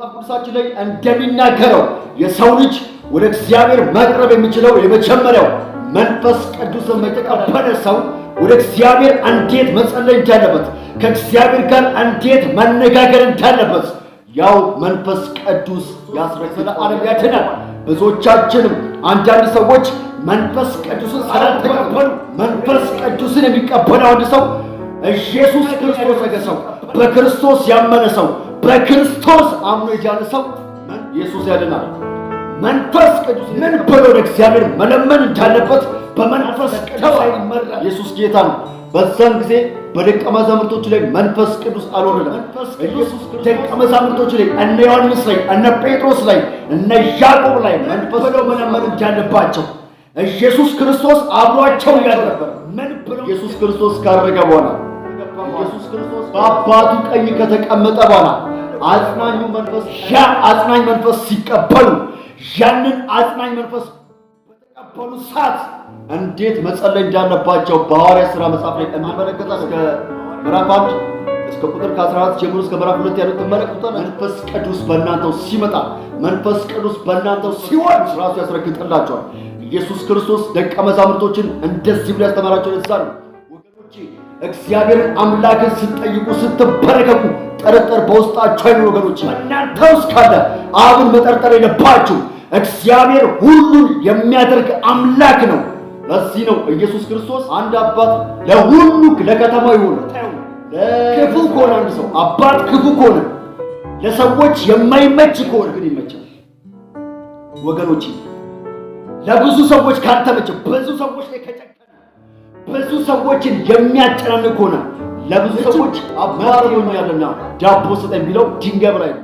መጽሐፍ ቅዱሳችን ላይ እንደሚናገረው የሰው ልጅ ወደ እግዚአብሔር መቅረብ የሚችለው የመጀመሪያው መንፈስ ቅዱስን የተቀበለ ሰው ወደ እግዚአብሔር እንዴት መጸለይ እንዳለበት ከእግዚአብሔር ጋር እንዴት መነጋገር እንዳለበት ያው መንፈስ ቅዱስ ያስረክለ ዓለም ያድናል። ብዙዎቻችንም አንዳንድ ሰዎች መንፈስ ቅዱስን ስላልተቀበሉ መንፈስ ቅዱስን የሚቀበለው አንድ ሰው ኢየሱስ ክርስቶስ ነገ ሰው በክርስቶስ ያመነ ሰው በክርስቶስ አምኖ የዳነ ሰው ኢየሱስ ያድናል። መንፈስ ቅዱስ ምን ብሎ እግዚአብሔር መለመን እንዳለበት በመንፈስ ቅዱስ ይመራል። ኢየሱስ ጌታ ነው። በዛን ጊዜ በደቀ መዛሙርቶች ላይ መንፈስ ቅዱስ አልወረደም። ደቀ መዛሙርቶች ላይ እነ ዮሐንስ ላይ እነ ጴጥሮስ ላይ እነ ያዕቆብ ላይ መንፈስ ብሎ መለመን እንዳለባቸው ኢየሱስ ክርስቶስ አብሯቸው ያልነበረ ምን ብሎ ኢየሱስ ክርስቶስ ካረገ በኋላ በአባቱ ቀኝ ከተቀመጠ በኋላ አጽናኙ መንፈስ ያ አጽናኝ መንፈስ ሲቀበሉ ያንን አጽናኝ መንፈስ በተቀበሉ ሰዓት እንዴት መጸለይ እንዳለባቸው በሐዋርያ ሥራ መጽሐፍ ላይ እንመለከት። እስከ ምዕራፍ አንድ እስከ ቁጥር ከ14 ጀምሮ እስከ ምዕራፍ ሁለት ያሉት ትመለከቱታላችሁ። መንፈስ ቅዱስ በእናንተው ሲመጣ፣ መንፈስ ቅዱስ በእናንተው ሲወርድ ራሱ ያስረግጥላቸዋል። ኢየሱስ ክርስቶስ ደቀ መዛሙርቶችን እንደዚህ ብሎ ያስተማራቸው ደሳሉ እግዚአብሔርን አምላክን ስትጠይቁ ስትበረከኩ ጥርጥር በውስጣችሁ አይኑር ወገኖች። እናንተ ውስጥ ካለ አብን መጠርጠር የለባችሁ። እግዚአብሔር ሁሉን የሚያደርግ አምላክ ነው። ለዚህ ነው ኢየሱስ ክርስቶስ አንድ አባት ለሁሉ ለከተማው ይሆነ ክፉ ከሆነ አንድ ሰው አባት ክፉ ከሆነ ለሰዎች የማይመች ከሆነ ግን ይመቻል ወገኖች። ለብዙ ሰዎች ካልተመቸ ብዙ ሰዎች ላይ ብዙ ሰዎችን የሚያጨናንቅ ሆነ። ለብዙ ሰዎች አባሮኛልና ዳቦ ስጠኝ ቢለው ድንጋይ ብራይ